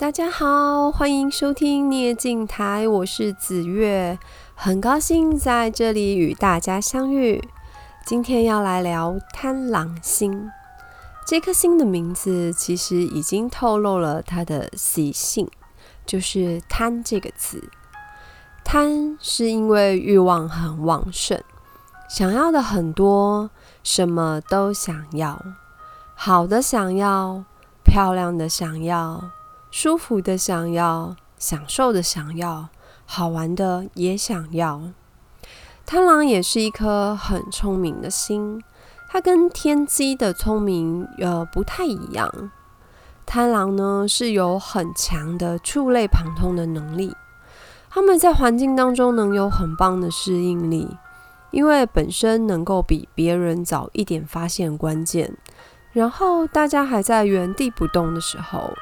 大家好，歡迎收聽《聶鏡檯》，我是紫玥，很高興在這裡與大家相遇。今天要來聊貪狼星，這顆星的名字其實已經透露了它的習性，就是“貪”這個字。貪是因為欲望很旺盛，想要的很多，什麼都想要，好的想要，漂亮的想要。舒服的想要，享受的想要，好玩的也想要。貪狼也是一顆很聰明的星，它跟天機的聰明呃不太一樣。貪狼呢是有很強的觸類旁通的能力，他們在環境當中能有很棒的適應力，因為本身能夠比別人早一點發現關鍵，然後大家還在原地不動的時候。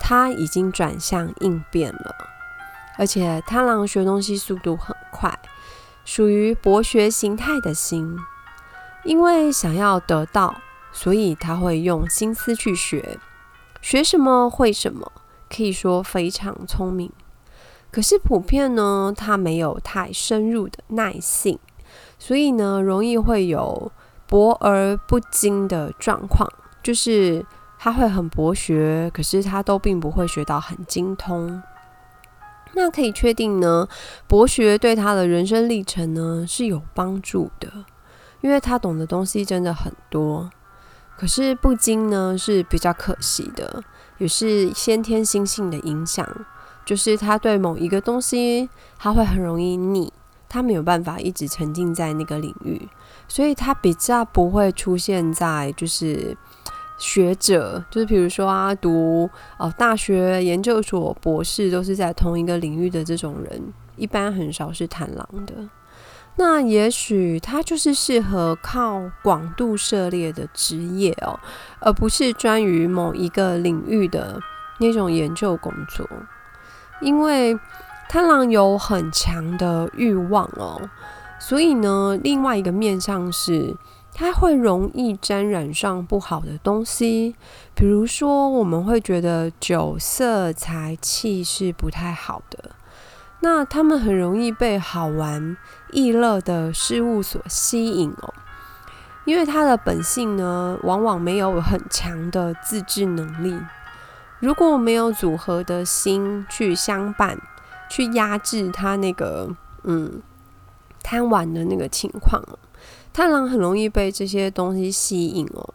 他已經轉向應變了，而且貪狼學東西速度很快，屬於博學形態的心，因為想要得到，所以他會用心思去學，學什麼會什麼，可以說非常聰明。可是普遍呢，他沒有太深入的耐性，所以呢，容易會有博而不精的狀況，就是。他會很博學，可是他都並不會學到很精通。那可以確定呢，博學對他的人生歷程呢是有幫助的，因為他懂的東西真的很多。可是不精呢是比較可惜的，也是先天心性的影響，就是他對某一個東西他會很容易膩，他沒有辦法一直沉浸在那個領域，所以他比較不會出現在就是。學者就是，比如說啊，讀哦大學、研究所、博士，都是在同一個領域的這種人，一般很少是貪狼的。那也許他就是適合靠廣度涉獵的職業哦，而不是專於某一個領域的那種研究工作。因為貪狼有很強的欲望哦，所以呢，另外一個面向是。他會容易沾染上不好的東西，比如說我們會覺得酒色財氣是不太好的。那他們很容易被好玩娛樂的事物所吸引哦，因為他的本性呢，往往沒有很強的自制能力。如果沒有組合的心去相伴，去壓制他那個嗯貪玩的那個情況。貪狼很容易被這些東西吸引哦，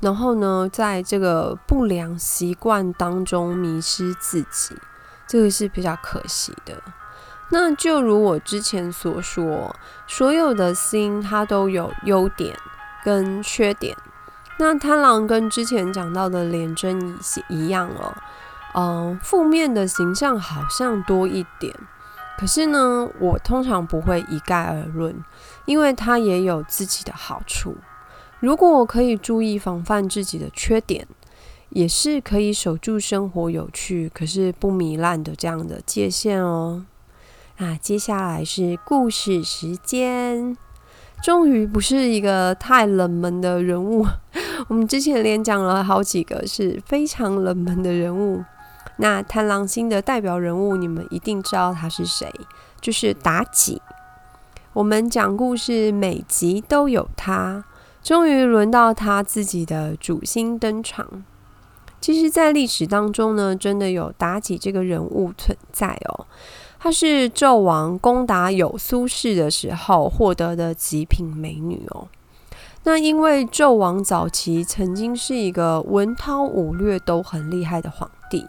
然後呢，在這個不良習慣當中迷失自己，這個是比較可惜的。那就如我之前所說，所有的星它都有優點跟缺點。那貪狼跟之前講到的廉貞一一樣哦，嗯，負面的形象好像多一點。可是呢，我通常不會一概而論。因為他也有自己的好處。如果我可以注意防範自己的缺點，也是可以守住生活有趣可是不糜爛的這樣的界限哦。那接下來是故事時間。終於不是一個太冷門的人物。 我們之前連講了好幾個是非常冷門的人物。那貪狼星的代表人物，你們一定知道他是誰，就是妲己。我們講故事每集都有他，終於輪到他自己的主星登場。其實，在歷史當中呢，真的有妲己這個人物存在哦。她是紂王攻打有蘇氏的時候獲得的極品美女哦。那因為紂王早期曾經是一個文韜武略都很厲害的皇帝，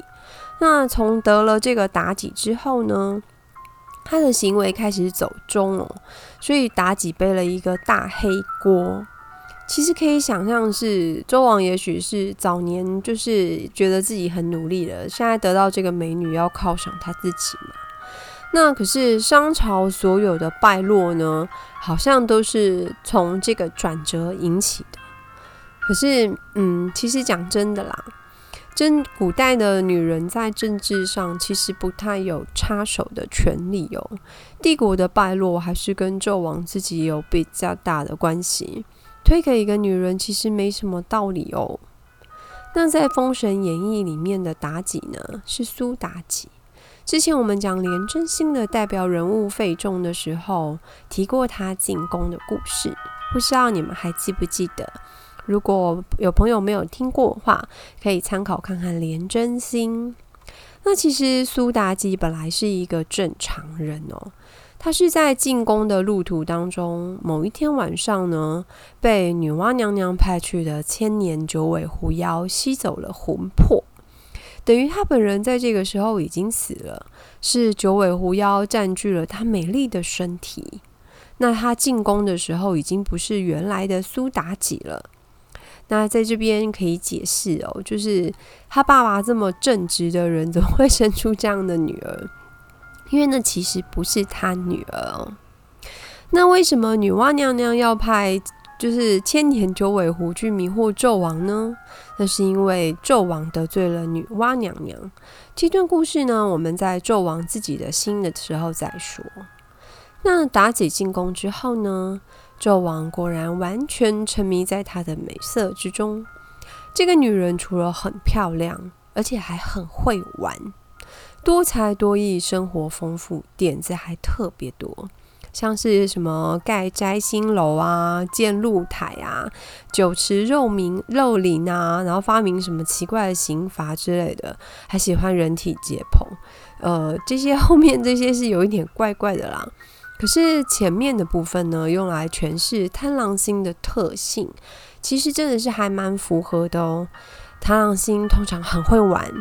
那從得了這個妲己之後呢，他的行為開始走鐘喔，所以妲己背了一個大黑鍋。其實可以想象是紂王也許是早年就是覺得自己很努力了，現在得到這個美女要犒賞他自己嘛。那可是商朝所有的敗落呢，好像都是從這個轉折引起的。可是，嗯，其實講真的啦。真古代的女人在政治上其實不太有插手的權利哦。帝國的敗落還是跟紂王自己有比較大的關係，推給一個女人其實沒什麼道理哦。那在《封神演義》裡面的妲己呢，是蘇妲己。之前我們講廉貞星的代表人物費仲的時候，提過她進宮的故事，不知道你們還記不記得？如果有朋友沒有聽過的話，可以參考看看廉貞星。那其實蘇妲己本來是一個正常人哦、喔，她是在進宮的路途當中，某一天晚上呢，被女媧娘娘派去的千年九尾狐妖吸走了魂魄，等於她本人在這個時候已經死了，是九尾狐妖佔據了她美麗的身體。那她進宮的時候，已經不是原來的蘇妲己了。那在這邊可以解釋哦，就是他爸爸這麼正直的人，怎麼會生出這樣的女兒？因為那其實不是他女兒。那為什麼女媧娘娘要派就是千年九尾狐去迷惑紂王呢？那是因為紂王得罪了女媧娘娘。這段故事呢，我們在紂王自己的心的時候再說。那妲己進宮之後呢？紂王果然完全沉迷在他的美色之中。這個女人除了很漂亮，而且還很會玩，多才多藝，生活豐富，點子還特別多。像是什麼蓋摘星樓啊，建露臺啊，酒池肉林肉林啊，然後發明什麼奇怪的刑罰之類的，還喜歡人體解剖。呃，這些後面這些是有一點怪怪的啦。可是前面的部分呢，用來詮釋貪狼星的特性，其實真的是還蠻符合的哦。貪狼星通常很會玩，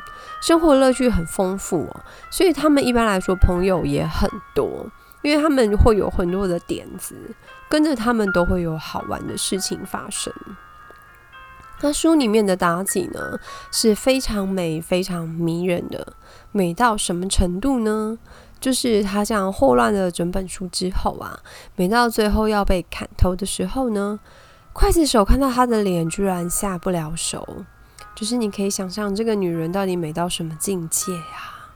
生活樂趣很豐富哦，所以他們一般來說朋友也很多，因為他們會有很多的點子，跟着他們都會有好玩的事情發生。那書裡面的妲己呢，是非常美、非常迷人的，美到什麼程度呢？就是他這樣禍亂了整本書之後啊，每到最後要被砍頭的時候呢，劊子手看到他的臉居然下不了手，就是你可以想象這個女人到底美到什麼境界啊？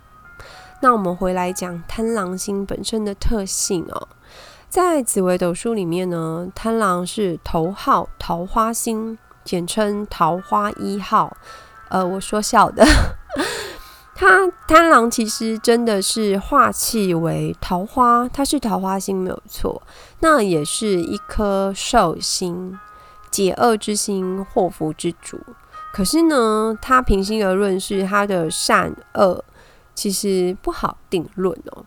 那我們回來講貪狼星本身的特性哦，喔，在紫微斗數裡面呢，貪狼是頭號桃花星，簡稱桃花一號，呃，我說笑的。 他貪狼其實真的是化氣為桃花，他是桃花星沒有錯，那也是一顆壽星，解厄之星，禍福之主。可是呢，他平心而論，是他的善惡其實不好定論哦。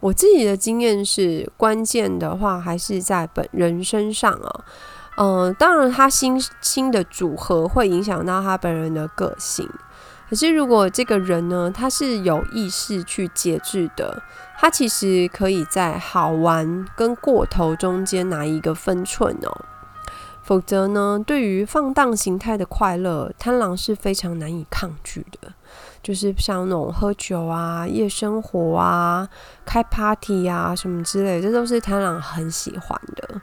我自己的經驗是，關鍵的話還是在本人身上哦，嗯、呃，當然他星星的組合會影響到他本人的個性。可是，如果這個人呢，他是有意識去節制的，他其實可以在好玩跟過頭中間拿一個分寸哦。否則呢，對於放蕩形態的快樂，貪狼是非常難以抗拒的。就是像那種喝酒啊、夜生活啊、開 party 啊什麼之類的，這都是貪狼很喜歡的。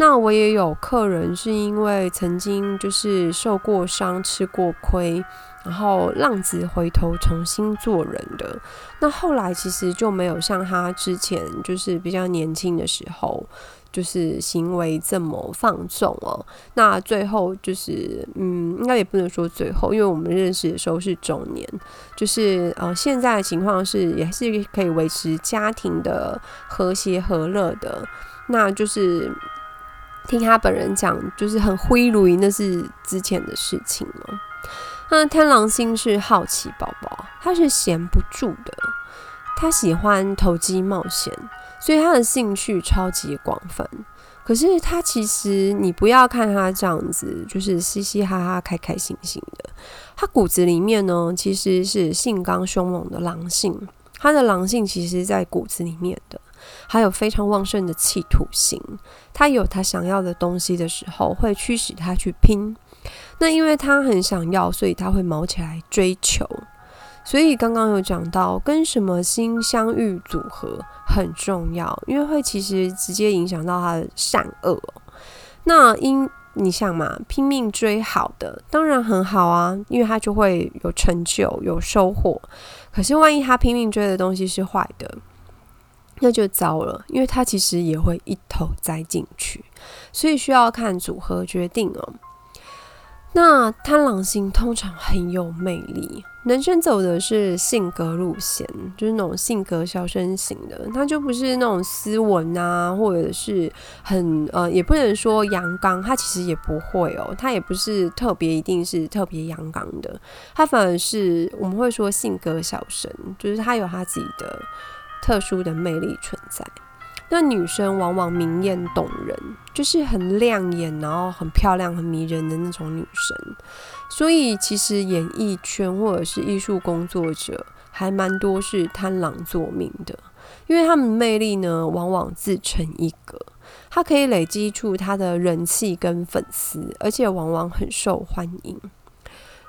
那我也有客人是因為曾經就是受過傷、吃過虧。然後浪子回頭重新做人的，那後來其實就沒有像他之前就是比較年輕的時候，就是行為這麼放縱哦。那最後就是，嗯，應該也不能說最後，因為我們認識的時候是中年，就是呃，現在的情況是也是可以維持家庭的和諧和樂的。那就是聽他本人講，就是很灰，那是之前的事情了。那貪狼星是好奇寶寶，他是閒不住的，他喜歡投機冒險，所以他的興趣超級廣泛。可是他其實，你不要看他這樣子，就是嘻嘻哈哈、開開心心的。他骨子裡面呢，其實是性剛凶猛的狼性，他的狼性其實在骨子裡面的。還有非常旺盛的企圖心，他有他想要的東西的時候，會驅使他去拼。那因為他很想要，所以他會卯起來追求。所以剛剛有講到，跟什麼星相遇組合很重要，因為會其實直接影響到他的善惡喔。那因你想嘛，拼命追好的，當然很好啊，因為他就會有成就、有收穫。可是萬一他拼命追的東西是壞的，那就糟了，因為他其實也會一頭栽進去。所以需要看組合決定哦，喔。那貪狼星通常很有魅力，男生走的是性格路線，就是那種性格小生型的，他就不是那種斯文啊，或者是很呃，也不能說陽剛，他其實也不會哦，他也不是特別一定是特別陽剛的，他反而是我們會說性格小生，就是他有他自己的特殊的魅力存在。那女生往往明豔動人，就是很亮眼，然後很漂亮、很迷人的那種女生。所以，其實演藝圈或者是藝術工作者，還蠻多是貪狼坐命的，因為他們的魅力呢，往往自成一格。他可以累積出他的人氣跟粉絲，而且往往很受歡迎。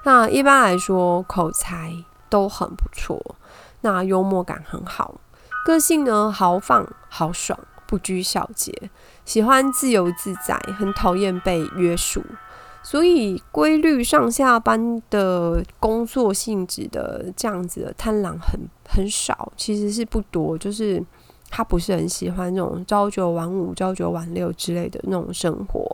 那一般來說，口才都很不錯，那幽默感很好。個性呢，豪放、豪爽，不拘小節，喜歡自由自在，很討厭被約束。所以，規律上下班的工作性質的這樣子的貪狼很很少，其實是不多。就是他不是很喜歡那種朝九晚五、朝九晚六之類的那種生活。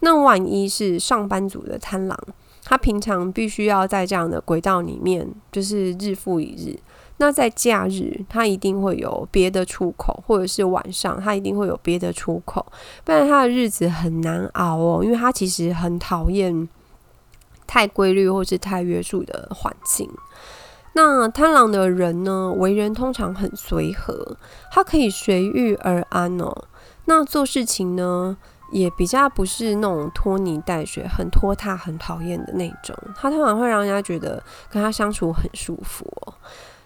那萬一是上班族的貪狼，他平常必須要在這樣的軌道裡面，就是日復一日。那在假日，他一定會有別的出口，或者是晚上，他一定會有別的出口，不然他的日子很難熬哦。因為他其實很討厭太規律或是太約束的環境。那貪狼的人呢，為人通常很隨和，他可以隨遇而安哦。那做事情呢，也比較不是那種拖泥帶水、很拖沓、很討厭的那種。他通常會讓人家覺得跟他相處很舒服哦。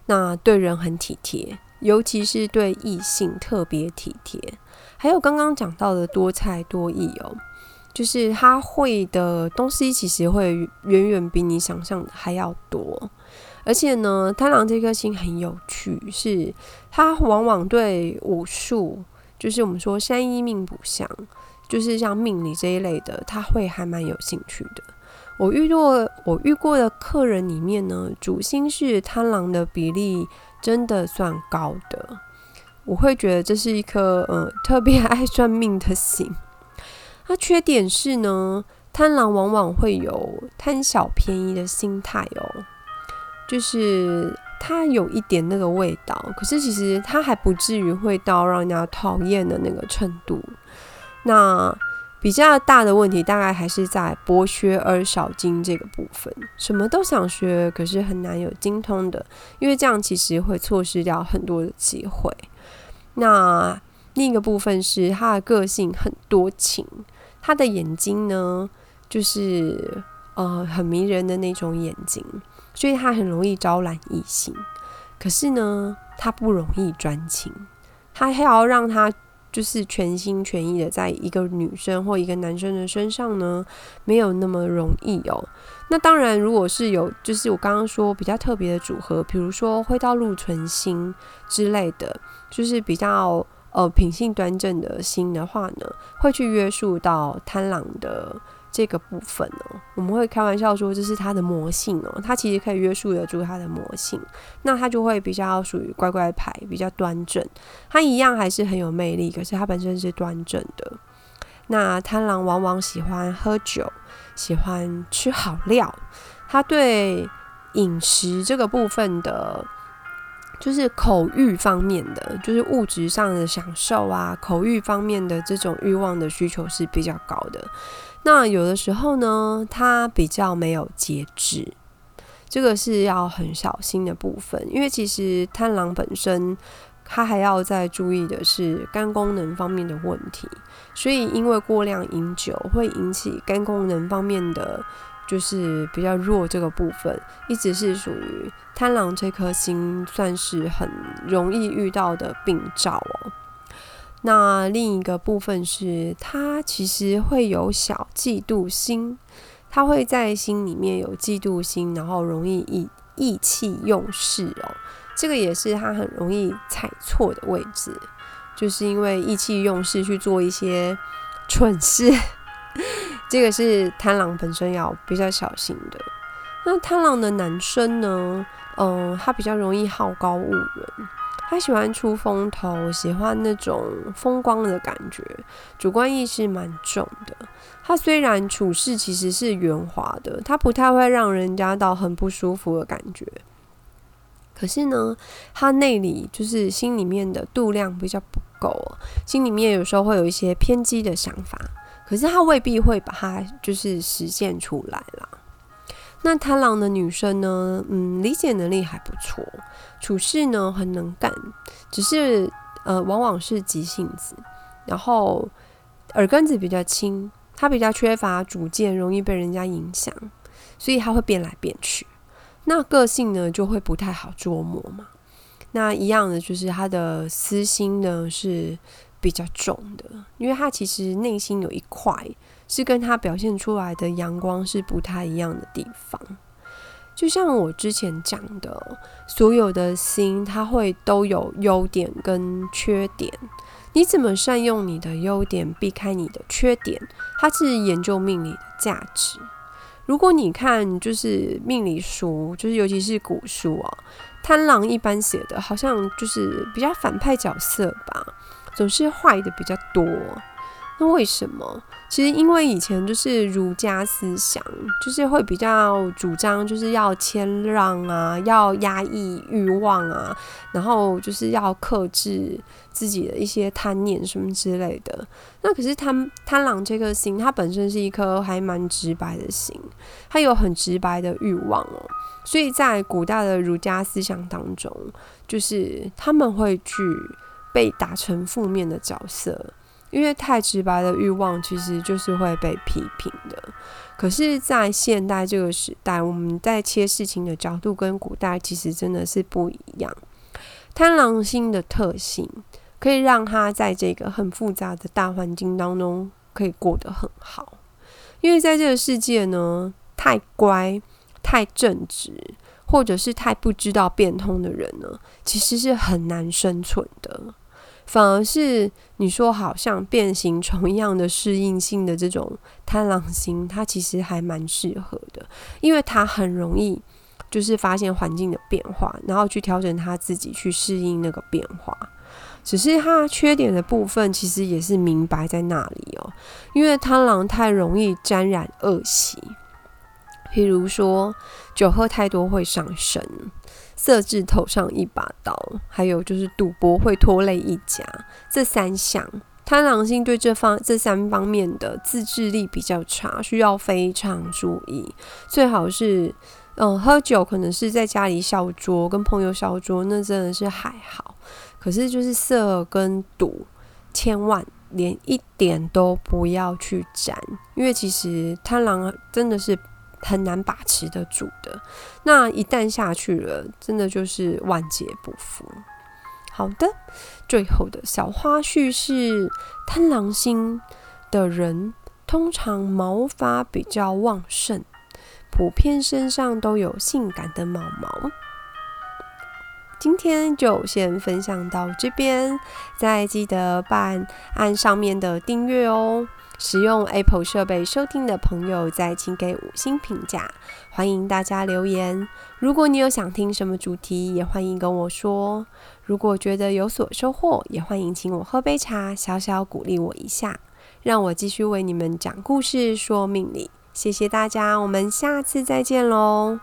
那對人很體貼，尤其是對異性特別體貼。還有剛剛講到的多才多藝哦、喔，就是他會的東西其實會遠遠比你想象的還要多。而且呢，貪狼這顆星很有趣，是他往往對五術，就是我們說山醫命卜相，就是像命理這一類的，他會還蠻有興趣的。我遇過我遇過的客人裡面呢，主星是貪狼的比例真的算高的，我會覺得這是一顆呃、嗯、特別愛算命的星。他、啊、缺點是呢，貪狼往往會有貪小便宜的心態哦，就是他有一點那個味道，可是其實他還不至於會到讓人家討厭的那個程度。那。比較大的問題，大概還是在博學而少精這個部分，什麼都想學，可是很難有精通的，因為這樣其實會錯失掉很多的機會。那另一個部分是，他的個性很多情，他的眼睛呢，就是呃很迷人的那種眼睛，所以他很容易招攬異性，可是呢，他不容易專情，他還要讓他。就是全心全意的在一個女生或一個男生的身上呢，沒有那麼容易哦。那當然，如果是有，就是我剛剛說比較特別的組合，比如說會到祿存星之類的，就是比較呃品性端正的星的話呢，會去約束到貪狼的。這個部分哦，我們會開玩笑說，這是他的魔性哦，他其實可以約束得住他的魔性，那他就會比較屬於乖乖牌，比較端正。他一樣還是很有魅力，可是他本身是端正的。那貪狼往往喜歡喝酒，喜歡吃好料，他對飲食這個部分的，就是口欲方面的，就是物質上的享受啊，口欲方面的這種慾望的需求是比較高的。那有的時候呢，他比較沒有節制，這個是要很小心的部分。因為其實貪狼本身，他還要再注意的是肝功能方面的問題。所以因為過量飲酒會引起肝功能方面的，就是比較弱這個部分，一直是屬於貪狼這顆星算是很容易遇到的病灶哦。那另一個部分是他其實會有小嫉妒心，他會在心裡面有嫉妒心，然後容易以意意氣用事哦。這個也是他很容易踩錯的位置，就是因為意氣用事去做一些蠢事。 這個是貪狼本身要比較小心的。那貪狼的男生呢？嗯，他比較容易好高騖遠。他喜歡出風頭，喜歡那種風光的感覺，主觀意識蠻重的。他雖然處事其實是圓滑的，他不太會讓人家到很不舒服的感覺。可是呢，他內裡就是心裡面的度量比較不夠，心裡面有時候會有一些偏激的想法，可是他未必會把它就是實現出來啦。那貪狼的女生呢，嗯，理解能力還不錯，處事呢很能幹，只是呃，往往是急性子，然後耳根子比較輕，她比較缺乏主見，逐漸容易被人家影響，所以她會變來變去。那個性呢，就會不太好捉摸嘛。那一樣的就是她的私心呢是比較重的，因為她其實內心有一塊。是跟他表現出來的陽光是不太一樣的地方。就像我之前講的，所有的星它會都有優點跟缺點。你怎麼善用你的優點，避開你的缺點？它是研究命理的價值。如果你看就是命理書，就是尤其是古書啊，貪狼一般寫的好像就是比較反派角色吧，總是壞的比較多。那為什麼？其實，因為以前就是儒家思想，就是會比較主張，就是要謙讓啊，要壓抑慾望啊，然後就是要克制自己的一些貪念什麼之類的。那可是貪貪狼這顆星，它本身是一顆還蠻直白的星，它有很直白的慾望哦，所以在古代的儒家思想當中，就是他們會去被打成負面的角色。因為太直白的欲望其實就是會被批評的。可是，在現代這個時代，我們在切事情的角度跟古代其實真的是不一樣。貪狼星的特性可以讓他在這個很複雜的大環境當中可以過得很好。因為在這個世界呢，太乖、太正直，或者是太不知道變通的人呢，其實是很難生存的。反而是你說，好像變形蟲一樣的適應性的這種貪狼星，它其實還蠻適合的，因為它很容易就是發現環境的變化，然後去調整它自己去適應那個變化。只是它缺點的部分，其實也是明白在那裡哦，因為貪狼太容易沾染惡習，譬如說酒喝太多會傷身。色字頭上一把刀，還有就是賭博會拖累一家。這三項，貪狼星對這方這三方面的自制力比較差，需要非常注意。最好是，嗯，喝酒可能是在家裡小酌跟朋友小酌，那真的是還好。可是就是色跟賭，千萬連一點都不要去沾，因為其實貪狼真的是，很難把持得住的，那一旦下去了，真的就是萬劫不復。好的，最後的小花絮是：貪狼星的人通常毛髮比較旺盛，普遍身上都有性感的毛毛。今天就先分享到這邊，再記得辦按上面的訂閱哦。使用 Apple 設備收聽的朋友，再請給五星評價。歡迎大家留言。如果你有想聽什麼主題，也歡迎跟我說。如果覺得有所收穫，也歡迎請我喝杯茶，小小鼓勵我一下，讓我繼續為你們講故事、說命理。謝謝大家，我們下次再見嘍。